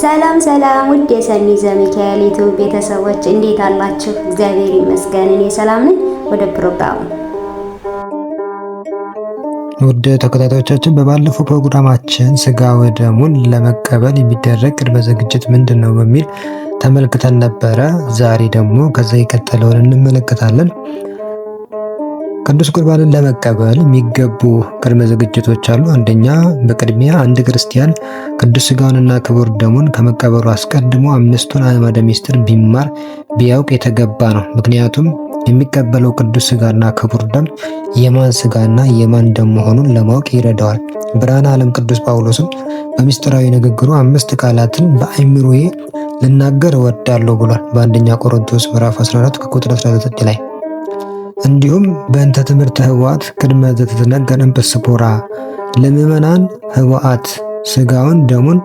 ሰላም ሰላም ውድ የሰኒ ዘሚካኤል ዩቲዩብ ቤተሰቦች እንዴት አላችሁ? እግዚአብሔር ይመስገን እኔ ሰላም ነኝ። ወደ ፕሮግራሙ ውድ ተከታታዮቻችን፣ በባለፈው ፕሮግራማችን ስጋ ወደሙን ለመቀበል የሚደረግ ቅድመ ዝግጅት ምንድን ነው በሚል ተመልክተን ነበረ። ዛሬ ደግሞ ከዛ የቀጠለውን እንመለከታለን። ቅዱስ ቁርባንን ለመቀበል የሚገቡ ቅድመ ዝግጅቶች አሉ። አንደኛ፣ በቅድሚያ አንድ ክርስቲያን ቅዱስ ስጋውንና ክቡር ደሙን ከመቀበሉ አስቀድሞ አምስቱን አዕማደ ምስጢር ቢማር ቢያውቅ የተገባ ነው። ምክንያቱም የሚቀበለው ቅዱስ ስጋና ክቡር ደም የማን ስጋና የማን ደም መሆኑን ለማወቅ ይረዳዋል። ብርሃነ ዓለም ቅዱስ ጳውሎስም በምስጢራዊ ንግግሩ አምስት ቃላትን በአእምሮዬ ልናገር እወዳለሁ ብሏል። በአንደኛ ቆሮንቶስ ምዕራፍ 14 ከቁጥር 19 ላይ እንዲሁም በእንተ ትምህርተ ኅቡዓት ቅድመ ዘተነገረ እምጵስፖራ ለምዕመናን ኅቡዓት ስጋውን ደሙን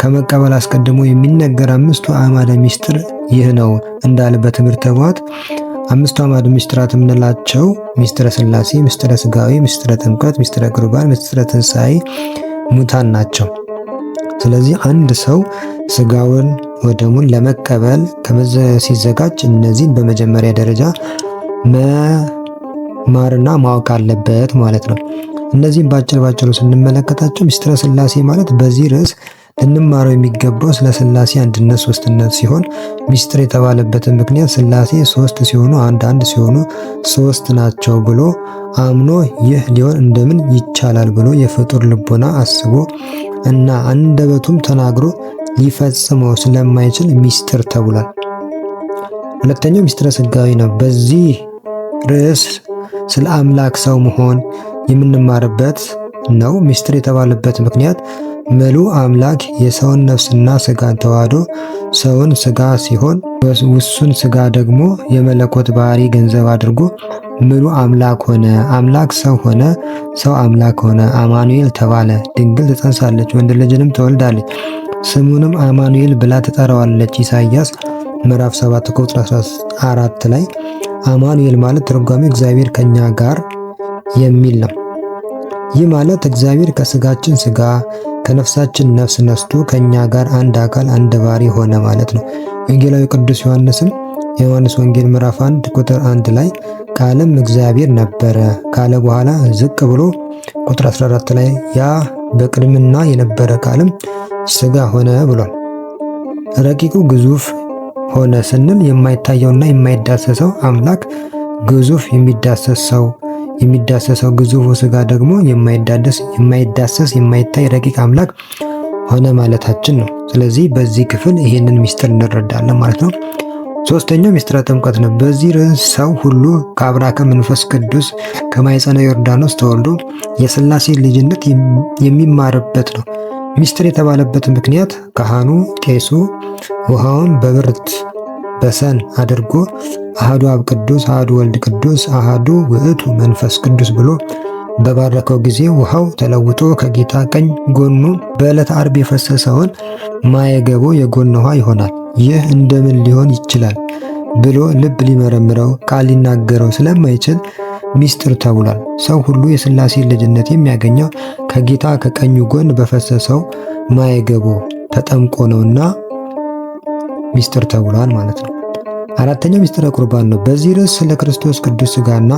ከመቀበል አስቀድሞ የሚነገር አምስቱ አዕማደ ሚስጥር ይህ ነው እንዳለ በትምህርተ ኅቡዓት አምስቱ አዕማደ ሚስጥራት የምንላቸው ሚስጥረ ስላሴ፣ ሚስጥረ ስጋዊ፣ ሚስጥረ ጥምቀት፣ ሚስጥረ ቁርባን፣ ሚስጥረ ትንሣኤ ሙታን ናቸው። ስለዚህ አንድ ሰው ስጋውን ወደሙን ለመቀበል ሲዘጋጅ እነዚህን በመጀመሪያ ደረጃ መማርና ማወቅ አለበት ማለት ነው። እነዚህም ባጭር ባጭሩ ስንመለከታቸው ሚስጥረ ስላሴ ማለት በዚህ ርዕስ ልንማረው የሚገባው ስለ ስላሴ አንድነት ሶስትነት ሲሆን ሚስጥር የተባለበትን ምክንያት ስላሴ ሶስት ሲሆኑ አንድ አንድ ሲሆኑ ሶስት ናቸው ብሎ አምኖ ይህ ሊሆን እንደምን ይቻላል ብሎ የፍጡር ልቦና አስቦ እና አንደበቱም ተናግሮ ሊፈጽመው ስለማይችል ሚስጥር ተብሏል። ሁለተኛው ሚስጥረ ስጋዊ ነው። በዚህ ርዕስ ስለ አምላክ ሰው መሆን የምንማርበት ነው። ምስጢር የተባለበት ምክንያት ምሉ አምላክ የሰውን ነፍስና ስጋን ተዋህዶ ሰውን ስጋ ሲሆን ውሱን ስጋ ደግሞ የመለኮት ባህሪ ገንዘብ አድርጎ ምሉ አምላክ ሆነ። አምላክ ሰው ሆነ፣ ሰው አምላክ ሆነ። አማኑኤል ተባለ። ድንግል ትጸንሳለች፣ ወንድ ልጅንም ትወልዳለች፣ ስሙንም አማኑኤል ብላ ትጠራዋለች። ኢሳይያስ ምዕራፍ 7 ቁጥር 14 ላይ አማኑኤል ማለት ትርጓሜ እግዚአብሔር ከኛ ጋር የሚል ነው። ይህ ማለት እግዚአብሔር ከስጋችን ስጋ ከነፍሳችን ነፍስ ነስቶ ከኛ ጋር አንድ አካል አንድ ባሪ ሆነ ማለት ነው። ወንጌላዊ ቅዱስ ዮሐንስም የዮሐንስ ወንጌል ምዕራፍ 1 ቁጥር 1 ላይ ቃልም እግዚአብሔር ነበረ ካለ በኋላ ዝቅ ብሎ ቁጥር 14 ላይ ያ በቅድምና የነበረ ቃልም ስጋ ሆነ ብሏል። ረቂቁ ግዙፍ ሆነ ስንል የማይታየውና የማይዳሰሰው አምላክ ግዙፍ የሚዳሰሰው የሚዳሰሰው ግዙፉ ስጋ ደግሞ የማይዳደስ የማይዳሰስ የማይታይ ረቂቅ አምላክ ሆነ ማለታችን ነው። ስለዚህ በዚህ ክፍል ይህንን ሚስጥር እንረዳለን ማለት ነው። ሶስተኛው ሚስጥረ ጥምቀት ነው። በዚህ ርዕስ ሰው ሁሉ ከአብራከ መንፈስ ቅዱስ ከማይጸነ ዮርዳኖስ ተወልዶ የስላሴ ልጅነት የሚማርበት ነው። ሚስጥር የተባለበት ምክንያት ካህኑ ቄሱ ውሃውን በብርት በሰን አድርጎ አህዱ አብ ቅዱስ አህዱ ወልድ ቅዱስ አህዱ ውእቱ መንፈስ ቅዱስ ብሎ በባረከው ጊዜ ውሃው ተለውጦ ከጌታ ቀኝ ጎኑ በዕለት አርብ የፈሰሰውን ማየገቦ የጎን ውሃ ይሆናል። ይህ እንደምን ሊሆን ይችላል ብሎ ልብ ሊመረምረው ቃል ሊናገረው ስለማይችል ሚስጥር ተብሏል። ሰው ሁሉ የስላሴ ልጅነት የሚያገኘው ከጌታ ከቀኙ ጎን በፈሰሰው ማየገቦ ተጠምቆ ነውና ሚስጥር ተብሏል ማለት ነው። አራተኛው ሚስጥረ ቁርባን ነው። በዚህ ርዕስ ስለ ክርስቶስ ቅዱስ ሥጋና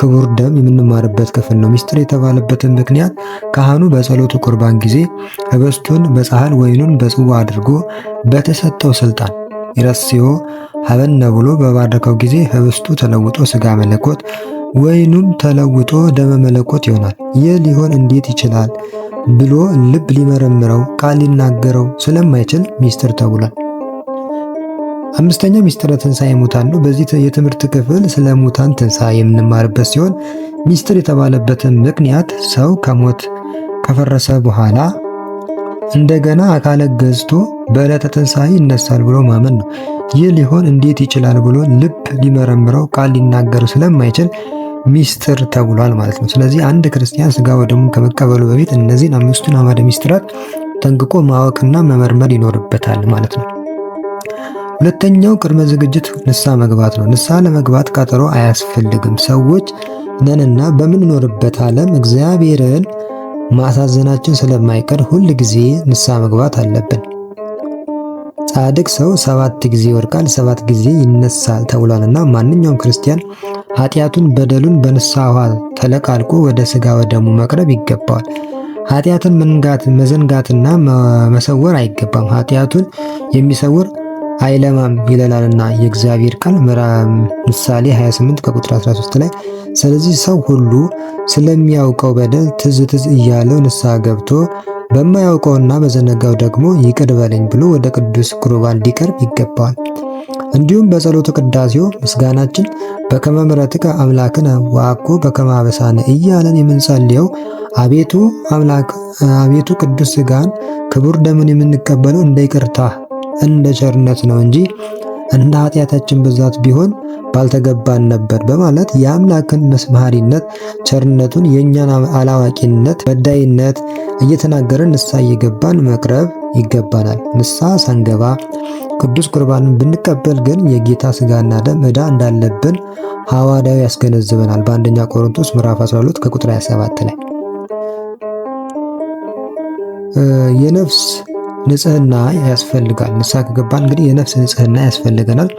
ክቡር ደም የምንማርበት ክፍል ነው። ሚስጥር የተባለበትን ምክንያት ካህኑ በጸሎቱ ቁርባን ጊዜ ህብስቱን በጻሕል ወይኑን በጽዋ አድርጎ በተሰጠው ሥልጣን ይረስዮ ሀበነ ብሎ በባረከው ጊዜ ህብስቱ ተለውጦ ሥጋ መለኮት ወይኑም ተለውጦ ደመ መለኮት ይሆናል። ይህ ሊሆን እንዴት ይችላል ብሎ ልብ ሊመረምረው ቃል ሊናገረው ስለማይችል ሚስጥር ተብሏል። አምስተኛ ሚስጥረ ትንሣኤ ሙታን ነው። በዚህ የትምህርት ክፍል ስለ ሙታን ትንሣኤ የምንማርበት ሲሆን ሚስጥር የተባለበትን ምክንያት ሰው ከሞት ከፈረሰ በኋላ እንደገና አካለ ገዝቶ በዕለተ ትንሣኤ ይነሳል ብሎ ማመን ነው። ይህ ሊሆን እንዴት ይችላል ብሎ ልብ ሊመረምረው ቃል ሊናገረው ስለማይችል ሚስጥር ተብሏል ማለት ነው። ስለዚህ አንድ ክርስቲያን ስጋ ወደሙ ከመቀበሉ በፊት እነዚህን አምስቱን አዕማደ ሚስጥራት ጠንቅቆ ማወቅና መመርመር ይኖርበታል ማለት ነው። ሁለተኛው ቅድመ ዝግጅት ንስሐ መግባት ነው። ንስሐ ለመግባት ቀጠሮ አያስፈልግም። ሰዎች ነንና በምንኖርበት ዓለም እግዚአብሔርን ማሳዘናችን ስለማይቀር ሁል ጊዜ ንስሐ መግባት አለብን። ጻድቅ ሰው ሰባት ጊዜ ይወድቃል፣ ሰባት ጊዜ ይነሳል ተብሏልና ማንኛውም ክርስቲያን ኃጢአቱን በደሉን በንስሐ ውሃ ተለቃልቆ ወደ ሥጋ ወደሙ መቅረብ ይገባዋል። ኃጢአትን መንጋት መዘንጋትና መሰወር አይገባም። ኃጢአቱን የሚሰውር አይለማም ይለናልና የእግዚአብሔር ቃል ምሳሌ 28 ከቁጥር 13 ላይ። ስለዚህ ሰው ሁሉ ስለሚያውቀው በደል ትዝ ትዝ እያለው ንስሐ ገብቶ በማያውቀውና በዘነጋው ደግሞ ይቅር በለኝ ብሎ ወደ ቅዱስ ቁርባን ሊቀርብ ይገባዋል። እንዲሁም በጸሎቱ ቅዳሴው ምስጋናችን በከመ ምሕረትከ አምላክነ ወአኮ በከመ አበሳነ እያለን የምንጸልየው አቤቱ አምላክ አቤቱ ቅዱስ ሥጋን ክቡር ደምን የምንቀበለው እንደ ይቅርታ እንደ ቸርነት ነው እንጂ እንደ ኃጢአታችን ብዛት ቢሆን ባልተገባን ነበር በማለት የአምላክን መስማሪነት፣ ቸርነቱን፣ የእኛን አላዋቂነት፣ በዳይነት እየተናገረን ንስሐ እየገባን መቅረብ ይገባናል። ንስሐ ሳንገባ ቅዱስ ቁርባንን ብንቀበል ግን የጌታ ስጋና ደም ዕዳ እንዳለብን ሐዋርያው ያስገነዝበናል። በአንደኛ ቆሮንቶስ ምዕራፍ 12 ከቁጥር 27 ላይ የነፍስ ንጽህና ያስፈልጋል። ንስሐ ከገባን እንግዲህ የነፍስ ንጽህና ያስፈልገናል።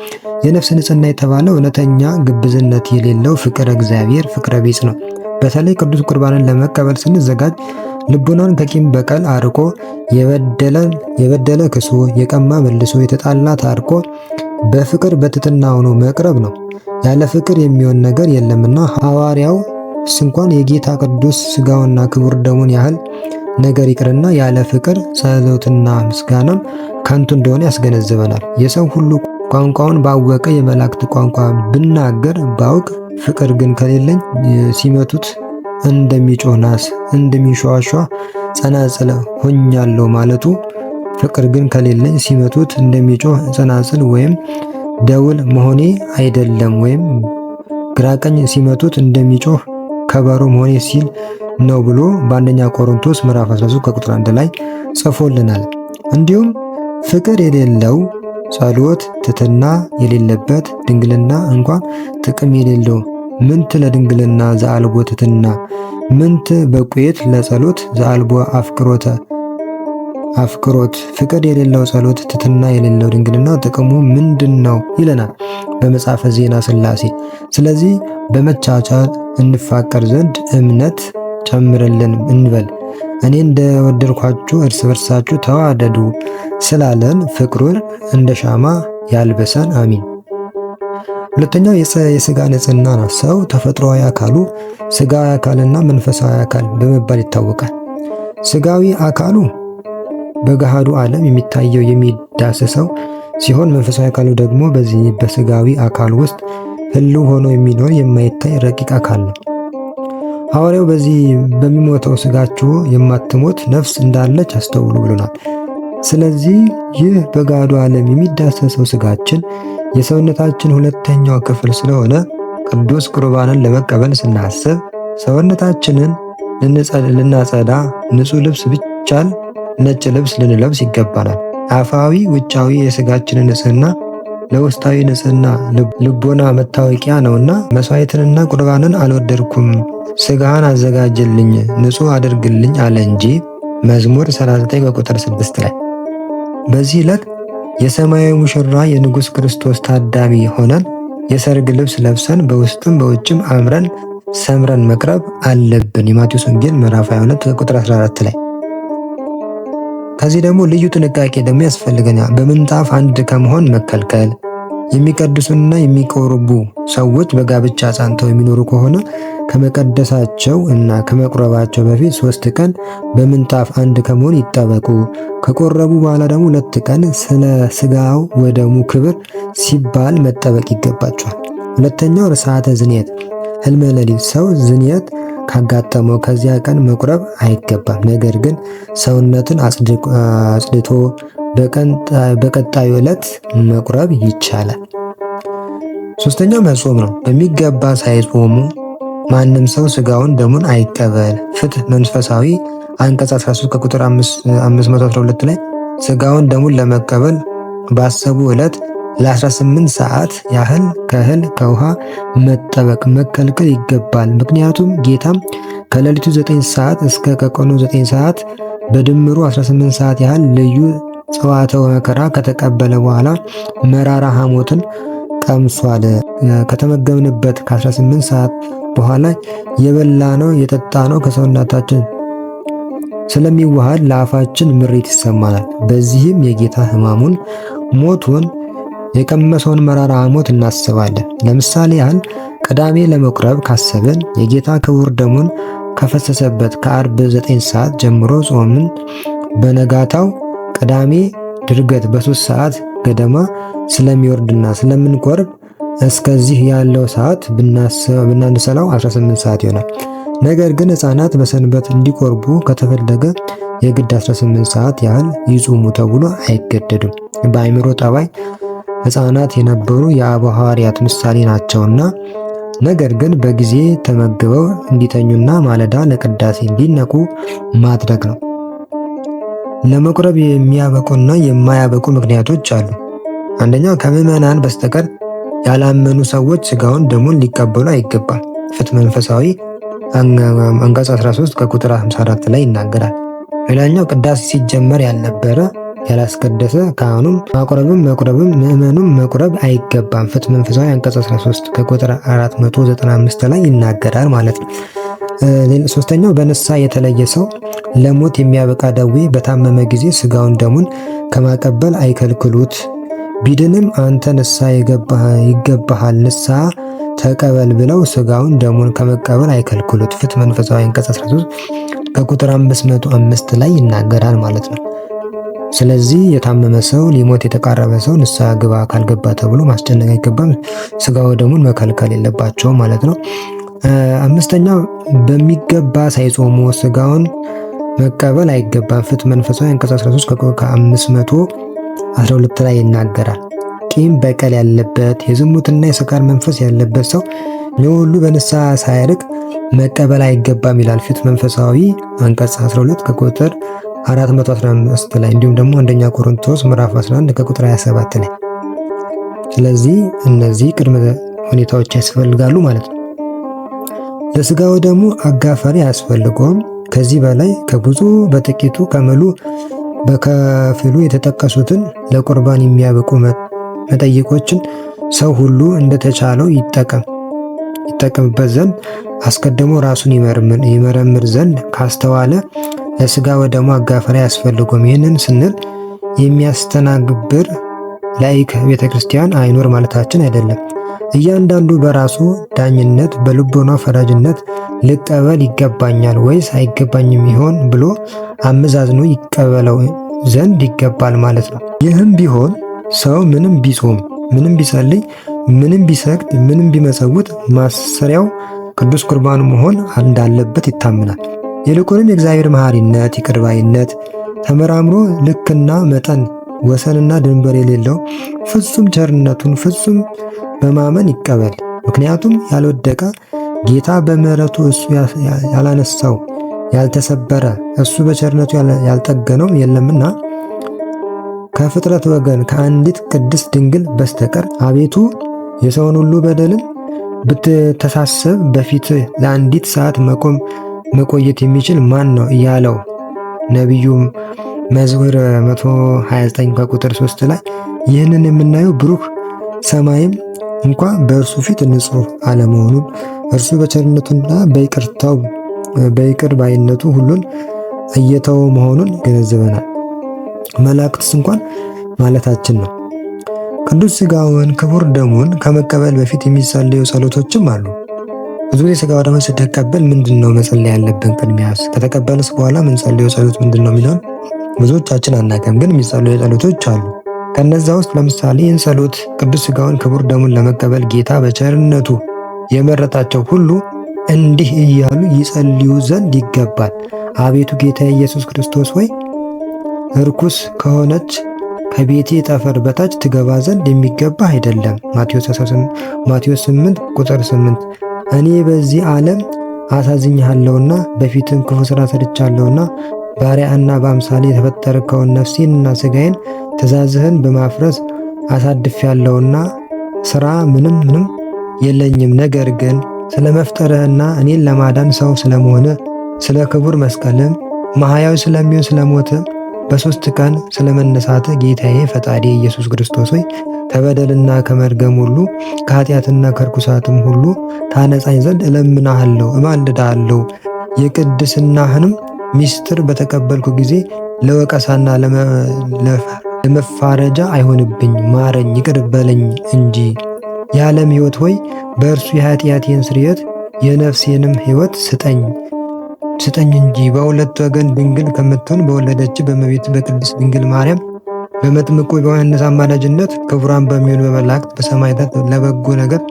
የነፍስ ንጽህና የተባለው እውነተኛ ግብዝነት የሌለው ፍቅረ እግዚአብሔር ፍቅረ ቢጽ ነው። በተለይ ቅዱስ ቁርባንን ለመቀበል ስንዘጋጅ ልቡናን ከቂም በቀል አርቆ የበደለ ክሶ፣ የቀማ መልሶ፣ የተጣላ ታርቆ በፍቅር በትትና ሆኖ መቅረብ ነው። ያለ ፍቅር የሚሆን ነገር የለምና ሐዋርያው ስንኳን የጌታ ቅዱስ ስጋውና ክቡር ደሙን ያህል ነገር ይቅርና ያለ ፍቅር ጸሎትና ምስጋናም ከንቱ እንደሆነ ያስገነዝበናል። የሰው ሁሉ ቋንቋውን ባወቀ የመላእክት ቋንቋ ብናገር ባውቅ፣ ፍቅር ግን ከሌለኝ ሲመቱት እንደሚጮህ ናስ እንደሚንሸዋሸዋ ጸናጽል ሆኛለሁ ማለቱ ፍቅር ግን ከሌለኝ ሲመቱት እንደሚጮህ ጸናጽል ወይም ደውል መሆኔ አይደለም ወይም ግራቀኝ ሲመቱት እንደሚጮህ ከበሮ መሆኔ ሲል ነው ብሎ በአንደኛ ቆሮንቶስ ምዕራፍ 13 ከቁጥር 1 ላይ ጽፎልናል። እንዲሁም ፍቅር የሌለው ጸሎት፣ ትትና የሌለበት ድንግልና እንኳን ጥቅም የሌለው ምንት ለድንግልና ዘአልቦ ትትና ምንት በቁየት ለጸሎት ዘአልቦ አፍቅሮተ አፍቅሮት ፍቅር የሌለው ጸሎት፣ ትትና የሌለው ድንግልና ጥቅሙ ምንድን ነው ይለናል። በመጽሐፈ ዜና ሥላሴ። ስለዚህ በመቻቻል እንፋቀር ዘንድ እምነት ጨምርልን እንበል። እኔ እንደወደድኳችሁ እርስ በርሳችሁ ተዋደዱ ስላለን ፍቅሩን እንደ ሻማ ያልበሰን አሚን። ሁለተኛው የስጋ ንጽህና ነው። ሰው ተፈጥሯዊ አካሉ ስጋዊ አካልና መንፈሳዊ አካል በመባል ይታወቃል። ስጋዊ አካሉ በገሃዱ ዓለም የሚታየው የሚዳሰሰው ሲሆን መንፈሳዊ አካሉ ደግሞ በዚህ በስጋዊ አካል ውስጥ ህልው ሆኖ የሚኖር የማይታይ ረቂቅ አካል ነው። ሐዋርያው በዚህ በሚሞተው ስጋችሁ የማትሞት ነፍስ እንዳለች አስተውሉ ብሎናል። ስለዚህ ይህ በጋዱ ዓለም የሚዳሰሰው ስጋችን የሰውነታችን ሁለተኛው ክፍል ስለሆነ ቅዱስ ቁርባንን ለመቀበል ስናስብ ሰውነታችንን ልናጸዳ ንጹህ ልብስ ብቻን ነጭ ልብስ ልንለብስ ይገባናል። አፋዊ ውጫዊ የስጋችንን ንጽህና ለውስጣዊ ንጽህና ልቦና መታወቂያ ነውና መስዋዕትንና ቁርባንን አልወደድኩም፣ ስጋህን አዘጋጅልኝ፣ ንጹሕ አድርግልኝ አለ እንጂ መዝሙር 39 በቁጥር 6 ላይ። በዚህ ዕለት የሰማያዊ ሙሽራ የንጉሥ ክርስቶስ ታዳሚ ሆነን የሰርግ ልብስ ለብሰን በውስጥም በውጭም አምረን ሰምረን መቅረብ አለብን። የማቴዎስ ወንጌል ምዕራፍ 22 ቁጥር 14 ላይ ከዚህ ደግሞ ልዩ ጥንቃቄ ደግሞ ያስፈልገናል። በምንጣፍ አንድ ከመሆን መከልከል። የሚቀድሱና የሚቆርቡ ሰዎች በጋብቻ ጸንተው የሚኖሩ ከሆነ ከመቀደሳቸው እና ከመቁረባቸው በፊት ሶስት ቀን በምንጣፍ አንድ ከመሆን ይጠበቁ። ከቆረቡ በኋላ ደግሞ ሁለት ቀን ስለ ስጋው ወደሙ ክብር ሲባል መጠበቅ ይገባቸዋል። ሁለተኛው ርሳተ ዝንየት ህልመ ሌሊት ሰው ዝንየት ካጋጠመው ከዚያ ቀን መቁረብ አይገባም። ነገር ግን ሰውነትን አጽድቶ በቀጣዩ ዕለት መቁረብ ይቻላል። ሶስተኛው መጾም ነው። በሚገባ ሳይጾሙ ማንም ሰው ስጋውን ደሙን አይቀበል። ፍትህ መንፈሳዊ አንቀጽ 13 ከቁጥር 512 ላይ ስጋውን ደሙን ለመቀበል ባሰቡ ዕለት ለ18 ሰዓት ያህል ከእህል ከውሃ መጠበቅ መከልከል ይገባል። ምክንያቱም ጌታም ከሌሊቱ 9 ሰዓት እስከ ከቀኑ 9 ሰዓት በድምሩ 18 ሰዓት ያህል ልዩ ጽዋተ መከራ ከተቀበለ በኋላ መራራ ሐሞትን ቀምሷል። ከተመገብንበት ከ18 ሰዓት በኋላ የበላ ነው የጠጣ ነው ከሰውነታችን ስለሚዋሃድ ለአፋችን ምሬት ይሰማናል። በዚህም የጌታ ሕማሙን ሞቱን የቀመሰውን መራራ ሐሞት እናስባለን። ለምሳሌ ያህል ቅዳሜ ለመቁረብ ካሰብን የጌታ ክቡር ደሙን ከፈሰሰበት ከአርብ 9 ሰዓት ጀምሮ ጾምን በነጋታው ቅዳሜ ድርገት በሶስት ሰዓት ገደማ ስለሚወርድና ስለምንቆርብ እስከዚህ ያለው ሰዓት ብናንሰላው 18 ሰዓት ይሆናል። ነገር ግን ሕፃናት በሰንበት እንዲቆርቡ ከተፈለገ የግድ 18 ሰዓት ያህል ይጹሙ ተብሎ አይገደዱም። በአይምሮ ጠባይ ሕፃናት የነበሩ ሐዋርያት ምሳሌ ናቸውና ነገር ግን በጊዜ ተመግበው እንዲተኙና ማለዳ ለቅዳሴ እንዲነቁ ማድረግ ነው። ለመቁረብ የሚያበቁና የማያበቁ ምክንያቶች አሉ። አንደኛው ከምዕመናን በስተቀር ያላመኑ ሰዎች ሥጋውን ደሙን ሊቀበሉ አይገባም። ፍትሐ መንፈሳዊ አንቀጽ 13 ከቁጥር 54 ላይ ይናገራል። ሌላኛው ቅዳሴ ሲጀመር ያልነበረ ያላስቀደሰ ካህኑም ማቁረብም መቁረብም ምእመኑም መቁረብ አይገባም። ፍትሐ መንፈሳዊ አንቀጽ 13 ከቁጥር 495 ላይ ይናገራል ማለት ነው። ሶስተኛው በንሳ የተለየ ሰው ለሞት የሚያበቃ ደዌ በታመመ ጊዜ ስጋውን ደሙን ከማቀበል አይከልክሉት። ቢድንም አንተ ንሳ ይገባሃል ንሳ ተቀበል ብለው ስጋውን ደሙን ከመቀበል አይከልክሉት። ፍትሐ መንፈሳዊ አንቀጽ 13 ከቁጥር 505 ላይ ይናገራል ማለት ነው። ስለዚህ የታመመ ሰው ሊሞት የተቃረበ ሰው ንስሐ ግባ ካልገባ ተብሎ ማስጨነቅ አይገባም። ስጋ ወደሙን መከልከል የለባቸውም ማለት ነው። አምስተኛ በሚገባ ሳይጾሙ ስጋውን መቀበል አይገባም። ፍትሐ መንፈሳዊ አንቀጽ 13 ከ512 ላይ ይናገራል። ቂም በቀል ያለበት የዝሙትና የስካር መንፈስ ያለበት ሰው ለሁሉ በንስሐ ሳያርቅ መቀበል አይገባም ይላል ፍትሐ መንፈሳዊ አንቀጽ 12 ከቁጥር 415 ላይ እንዲሁም ደግሞ አንደኛ ቆሮንቶስ ምዕራፍ 11 ከቁጥር 27 ላይ። ስለዚህ እነዚህ ቅድመ ሁኔታዎች ያስፈልጋሉ ማለት ነው። ለስጋው ደግሞ አጋፋሪ አያስፈልገውም። ከዚህ በላይ ከብዙ በጥቂቱ ከምሉ በከፊሉ የተጠቀሱትን ለቁርባን የሚያበቁ መጠይቆችን ሰው ሁሉ እንደተቻለው ይጠቀም ይጠቀምበት ዘንድ አስቀድሞ ራሱን ይመረምር ዘንድ ካስተዋለ ለስጋ ወደሙ አጋፈሪ አያስፈልጉም። ይህንን ስንል የሚያስተናግብር ላይክ ቤተ ክርስቲያን አይኖር ማለታችን አይደለም። እያንዳንዱ በራሱ ዳኝነት በልቦና ፈራጅነት ልቀበል ይገባኛል ወይስ አይገባኝም ይሆን ብሎ አመዛዝኖ ይቀበለው ዘንድ ይገባል ማለት ነው። ይህም ቢሆን ሰው ምንም ቢጾም፣ ምንም ቢጸልይ፣ ምንም ቢሰግድ፣ ምንም ቢመጸውት ማሰሪያው ቅዱስ ቁርባኑ መሆን እንዳለበት ይታመናል። ይልቁንም የእግዚአብሔር መሐሪነት፣ ይቅርባይነት ተመራምሮ ልክና መጠን ወሰንና ድንበር የሌለው ፍጹም ቸርነቱን ፍጹም በማመን ይቀበል። ምክንያቱም ያልወደቀ ጌታ በምሕረቱ እሱ ያላነሳው ያልተሰበረ እሱ በቸርነቱ ያልጠገነው የለምና ከፍጥረት ወገን ከአንዲት ቅድስት ድንግል በስተቀር አቤቱ የሰውን ሁሉ በደልን ብትተሳሰብ በፊት ለአንዲት ሰዓት መቆም መቆየት የሚችል ማን ነው ያለው ነቢዩም መዝሙር 129 ከቁጥር 3 ላይ ይህንን የምናየው ብሩህ ሰማይም እንኳ በእርሱ ፊት ንጹህ አለመሆኑን እርሱ በቸርነቱና በይቅርታው በይቅር ባይነቱ ሁሉን እየተወ መሆኑን ገነዘበናል። መላእክትስ እንኳን ማለታችን ነው። ቅዱስ ሥጋውን ክቡር ደሙን ከመቀበል በፊት የሚጸለዩ ጸሎቶችም አሉ። ብዙ ጊዜ ስጋ ወደመን ስንቀበል ምንድን ነው መጸለይ ያለብን? ቅድሚያስ ከተቀበልንስ በኋላ ጸልዮ ጸሎት ምንድን ነው የሚለውን ብዙዎቻችን አናውቅም፣ ግን የሚጸለዩ ጸሎቶች አሉ። ከነዛ ውስጥ ለምሳሌ ይህን ጸሎት ቅዱስ ስጋውን ክቡር ደሙን ለመቀበል ጌታ በቸርነቱ የመረጣቸው ሁሉ እንዲህ እያሉ ይጸልዩ ዘንድ ይገባል። አቤቱ ጌታ ኢየሱስ ክርስቶስ ወይ እርኩስ ከሆነች ከቤቴ ጠፈር በታች ትገባ ዘንድ የሚገባ አይደለም። ማቴዎስ 8 ቁጥር 8 እኔ በዚህ ዓለም አሳዝኝሃለሁና በፊትም ክፉ ሥራ ሰርቻለሁና ባሪያህና በአምሳሌ የተፈጠርከውን ነፍሴንና ሥጋዬን ትእዛዝህን በማፍረስ አሳድፌያለሁና ሥራ ምንም ምንም የለኝም። ነገር ግን ስለ መፍጠርህና እኔን ለማዳን ሰው ስለመሆንህ ስለ ክቡር መስቀልም መሐያዊ ስለሚሆን ስለሞትም በሦስት ቀን ስለ መነሳት ጌታዬ ፈጣሪ ኢየሱስ ክርስቶስ ሆይ ከበደልና ከመርገም ሁሉ ከኃጢአትና ከርኩሳትም ሁሉ ታነጻኝ ዘንድ እለምናሃለሁ፣ እማልዳሃለሁ። የቅድስናህንም ሚስጥር በተቀበልኩ ጊዜ ለወቀሳና ለመፋረጃ አይሆንብኝ፣ ማረኝ፣ ይቅርበለኝ እንጂ። የዓለም ሕይወት ሆይ በእርሱ የኃጢአቴን ስርየት የነፍሴንም ሕይወት ስጠኝ። ስጠኝ እንጂ በሁለት ወገን ድንግል ከምትሆን በወለደች በመቤት በቅድስት ድንግል ማርያም በመጥምቁ በዮሐንስ አማላጅነት ክቡራን በሚሆን በመላእክት በሰማዕታት ለበጎ ነገር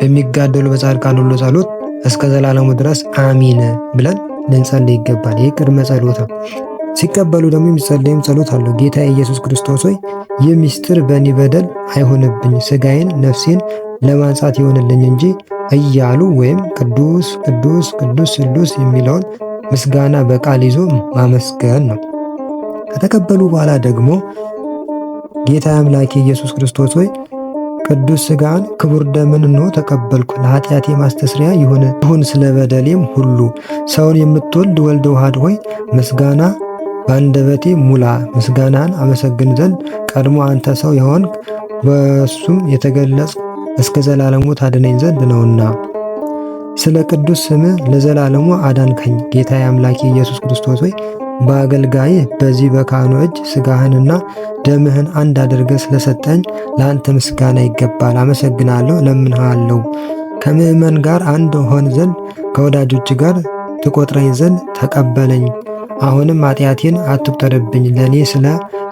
በሚጋደሉ በጻድቃን ሁሉ ጸሎት እስከ ዘላለሙ ድረስ አሚን ብለን ልንጸልይ ይገባል። ይህ ቅድመ ጸሎት ነው። ሲቀበሉ ደግሞ የሚጸለይም ጸሎት አለው። ጌታ ኢየሱስ ክርስቶስ ሆይ ይህ ምስጢር በእኔ በደል አይሆንብኝ፣ ስጋዬን ነፍሴን ለማንጻት ይሆንልኝ እንጂ እያሉ ወይም ቅዱስ ቅዱስ ቅዱስ ቅዱስ የሚለውን ምስጋና በቃል ይዞ ማመስገን ነው። ከተቀበሉ በኋላ ደግሞ ጌታ አምላኬ ኢየሱስ ክርስቶስ ሆይ ቅዱስ ሥጋን ክቡር ደምን ኖ ተቀበልኩ ለኃጢአቴ ማስተስሪያ ይሁን ስለ በደሌም ሁሉ ሰውን የምትወልድ ወልደ ውሃድ ሆይ ምስጋና በአንደበቴ ሙላ ምስጋናን አመሰግን ዘንድ ቀድሞ አንተ ሰው የሆንክ በእሱም የተገለጽ እስከ ዘላለሙ ታድነኝ ዘንድ ነውና ስለ ቅዱስ ስምህ ለዘላለሙ አዳንከኝ። ጌታ አምላኬ ኢየሱስ ክርስቶስ ሆይ በአገልጋይ በዚህ በካህኑ እጅ ስጋህንና ደምህን አንድ አድርገ ስለሰጠኝ ለአንተ ምስጋና ይገባል። አመሰግናለሁ፣ ለምንሃለሁ። ከምእመን ጋር አንድ ሆን ዘንድ ከወዳጆች ጋር ትቆጥረኝ ዘንድ ተቀበለኝ። አሁንም ኃጢአቴን አትቁጠርብኝ። ለእኔ ስለ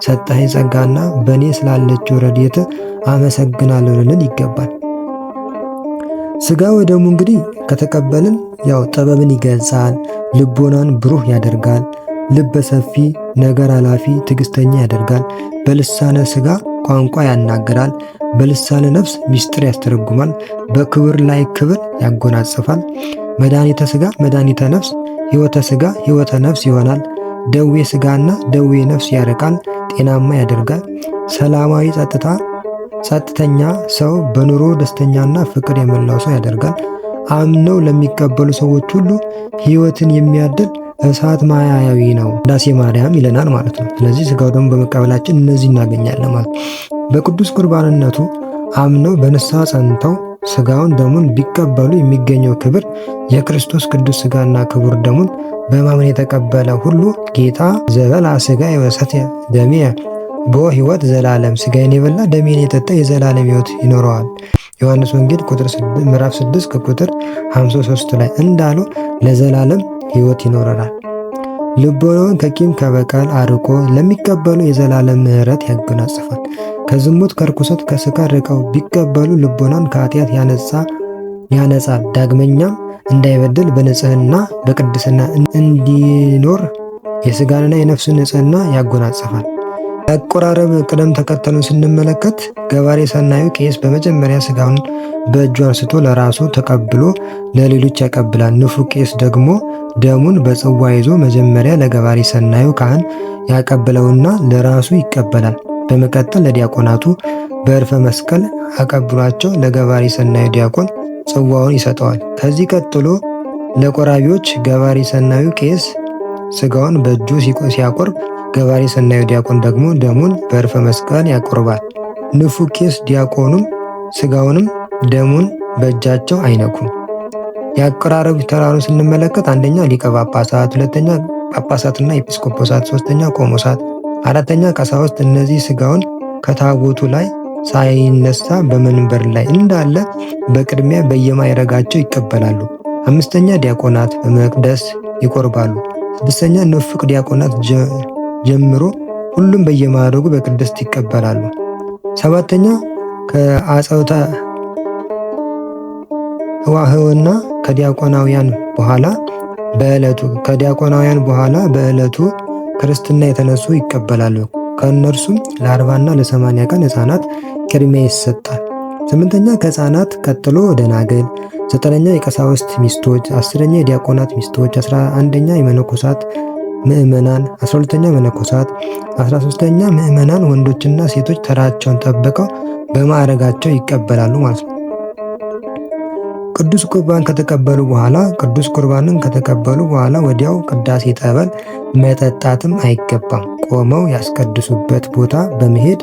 ሰጠኸኝ ጸጋና በእኔ ስላለችው ረድኤት አመሰግናለሁ ልንል ይገባል። ስጋ ወደሙ እንግዲህ ከተቀበልን ያው ጥበብን ይገልጻል፣ ልቦናን ብሩህ ያደርጋል፣ ልበ ሰፊ፣ ነገር ኃላፊ፣ ትዕግስተኛ ያደርጋል፣ በልሳነ ስጋ ቋንቋ ያናግራል፣ በልሳነ ነፍስ ምስጢር ያስተረጉማል፣ በክብር ላይ ክብር ያጎናጽፋል። መድኃኒተ ስጋ መድኃኒተ ነፍስ፣ ህይወተ ስጋ ህይወተ ነፍስ ይሆናል። ደዌ ስጋና ደዌ ነፍስ ያረቃል፣ ጤናማ ያደርጋል። ሰላማዊ ጸጥታ ጸጥተኛ ሰው በኑሮ ደስተኛና ፍቅር የሞላው ሰው ያደርጋል። አምነው ለሚቀበሉ ሰዎች ሁሉ ህይወትን የሚያድል እሳት ማያያዊ ነው ዳሴ ማርያም ይለናል ማለት ነው። ስለዚህ ስጋው ደግሞ በመቀበላችን እነዚህ እናገኛለን ማለት ነው። በቅዱስ ቁርባንነቱ አምነው በንስሐ ጸንተው ስጋውን ደሙን ቢቀበሉ የሚገኘው ክብር የክርስቶስ ቅዱስ ስጋና ክቡር ደሙን በማመን የተቀበለ ሁሉ ጌታ ዘበላ ስጋ ወሰተ ደሜ በሕይወት ዘላለም ስጋዬን የበላ ደሜን የጠጣ የዘላለም ሕይወት ይኖረዋል። ዮሐንስ ወንጌል ቁጥር ምዕራፍ 6 ከቁጥር 53 ላይ እንዳሉ ለዘላለም ሕይወት ይኖረናል። ልቦናውን ከቂም ከበቀል አርቆ ለሚቀበሉ የዘላለም ምሕረት ያጎናጽፋል። ከዝሙት ከርኩሰት፣ ከስካር ርቀው ቢቀበሉ ልቦናን ከኃጢአት ያነጻል። ዳግመኛም እንዳይበድል በንጽህና በቅድስና እንዲኖር የስጋንና የነፍስን ንጽህና ያጎናጽፋል። አቆራረብ ቅደም ተከተሉን ስንመለከት ገባሬ ሰናዩ ቄስ በመጀመሪያ ስጋውን በእጁ አንስቶ ለራሱ ተቀብሎ ለሌሎች ያቀብላል። ንፉ ቄስ ደግሞ ደሙን በጽዋ ይዞ መጀመሪያ ለገባሬ ሰናዩ ካህን ያቀብለውና ለራሱ ይቀበላል። በመቀጠል ለዲያቆናቱ በእርፈ መስቀል አቀብሏቸው ለገባሬ ሰናዩ ዲያቆን ጽዋውን ይሰጠዋል። ከዚህ ቀጥሎ ለቆራቢዎች ገባሬ ሰናዩ ቄስ ስጋውን በእጁ ሲያቆርብ ገባሪ ሰናዩ ዲያቆን ደግሞ ደሙን በእርፈ መስቀል ያቆርባል። ንፉ ቄስ ዲያቆኑም ስጋውንም ደሙን በእጃቸው አይነኩም። የአቀራረብ ተራሩን ስንመለከት አንደኛ ሊቀ ጳጳሳት፣ ሁለተኛ ጳጳሳትና ኤጲስቆጶሳት፣ ሶስተኛ ቆሞሳት፣ አራተኛ ቀሳውስት። እነዚህ ስጋውን ከታቦቱ ላይ ሳይነሳ በመንበር ላይ እንዳለ በቅድሚያ በየማይረጋቸው ይቀበላሉ። አምስተኛ ዲያቆናት በመቅደስ ይቆርባሉ። ስድስተኛ ንፉቅ ዲያቆናት ጀምሮ ሁሉም በየማዕረጉ በቅድስት ይቀበላሉ። ሰባተኛ ከአጸውታ ህዋህውና ከዲያቆናውያን በኋላ በዕለቱ ከዲያቆናውያን በኋላ በዕለቱ ክርስትና የተነሱ ይቀበላሉ። ከእነርሱም ለአርባና ለሰማንያ ቀን ህፃናት ቅድሚያ ይሰጣል። ስምንተኛ ከህፃናት ቀጥሎ ደናግል፣ ዘጠነኛ የቀሳውስት ሚስቶች፣ አስረኛ የዲያቆናት ሚስቶች፣ አስራ አንደኛ የመነኮሳት ምእመናን 12 12ተኛ መነኮሳት፣ 13ተኛ ምእመናን ወንዶችና ሴቶች ተራቸውን ጠብቀው በማዕረጋቸው ይቀበላሉ ማለት ነው። ቅዱስ ቁርባን ከተቀበሉ በኋላ ቅዱስ ቁርባንን ከተቀበሉ በኋላ ወዲያው ቅዳሴ ጠበል መጠጣትም አይገባም። ቆመው ያስቀድሱበት ቦታ በመሄድ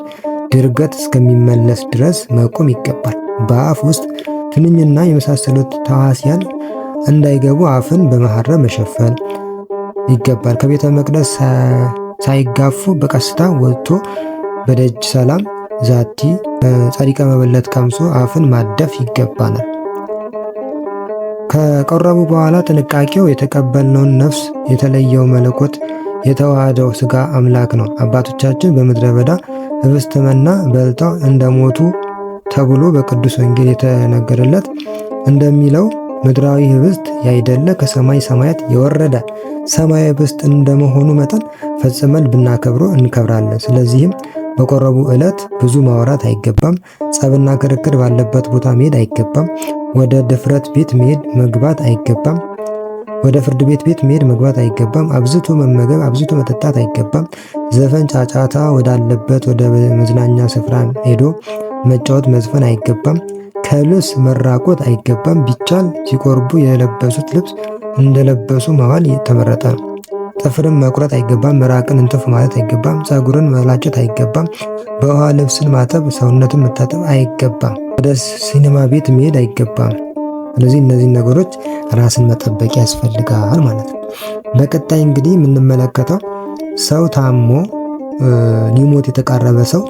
ድርገት እስከሚመለስ ድረስ መቆም ይገባል። በአፍ ውስጥ ትንኝና የመሳሰሉት ተዋሲያን እንዳይገቡ አፍን በመሐረብ መሸፈን ይገባል። ከቤተ መቅደስ ሳይጋፉ በቀስታ ወጥቶ በደጅ ሰላም ዛቲ ጸሪቀ መበለት ቀምሶ አፍን ማደፍ ይገባናል። ከቀረቡ በኋላ ጥንቃቄው የተቀበልነውን ነፍስ የተለየው መለኮት የተዋህደው ስጋ አምላክ ነው። አባቶቻችን በምድረ በዳ ህብስት መና በልተው እንደሞቱ ተብሎ በቅዱስ ወንጌል የተነገረለት እንደሚለው ምድራዊ ህብስት ያይደለ ከሰማይ ሰማያት የወረደ ሰማያዊ ብስጥ እንደመሆኑ መጠን ፈጽመን ብናከብሮ እንከብራለን። ስለዚህም በቆረቡ ዕለት ብዙ ማውራት አይገባም። ጸብና ክርክር ባለበት ቦታ መሄድ አይገባም። ወደ ድፍረት ቤት መሄድ መግባት አይገባም። ወደ ፍርድ ቤት ቤት መሄድ መግባት አይገባም። አብዝቶ መመገብ፣ አብዝቶ መጠጣት አይገባም። ዘፈን፣ ጫጫታ ወዳለበት ወደ መዝናኛ ስፍራ ሄዶ መጫወት፣ መዝፈን አይገባም። ከልብስ መራቆት አይገባም። ቢቻል ሲቆርቡ የለበሱት ልብስ እንደለበሱ መዋል ተመረጠ። ጥፍርን መቁረጥ አይገባም። ምራቅን እንትፍ ማለት አይገባም። ፀጉርን መላጨት አይገባም። በውሃ ልብስን ማጠብ፣ ሰውነትን መታጠብ አይገባም። ወደ ሲኒማ ቤት መሄድ አይገባም። ስለዚህ እነዚህ ነገሮች ራስን መጠበቅ ያስፈልጋል ማለት ነው። በቀጣይ እንግዲህ የምንመለከተው ሰው ታሞ ሊሞት የተቃረበ ሰው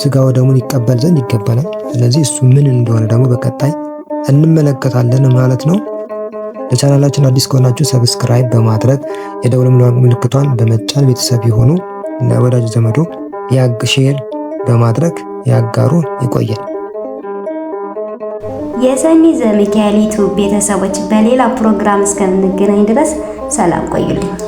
ስጋ ወደሙን ይቀበል ዘንድ ይገባናል። ስለዚህ እሱ ምን እንደሆነ ደግሞ በቀጣይ እንመለከታለን ማለት ነው። ለቻናላችን አዲስ ከሆናችሁ ሰብስክራይብ በማድረግ የደውል ምልክቷን በመጫን ቤተሰብ የሆኑ እና ወዳጅ ዘመዶ ያግ ሼር በማድረግ ያጋሩ። ይቆያል። የሰኒ ዘሚካኤል ቤተሰቦች በሌላ ፕሮግራም እስከምንገናኝ ድረስ ሰላም ቆዩልኝ።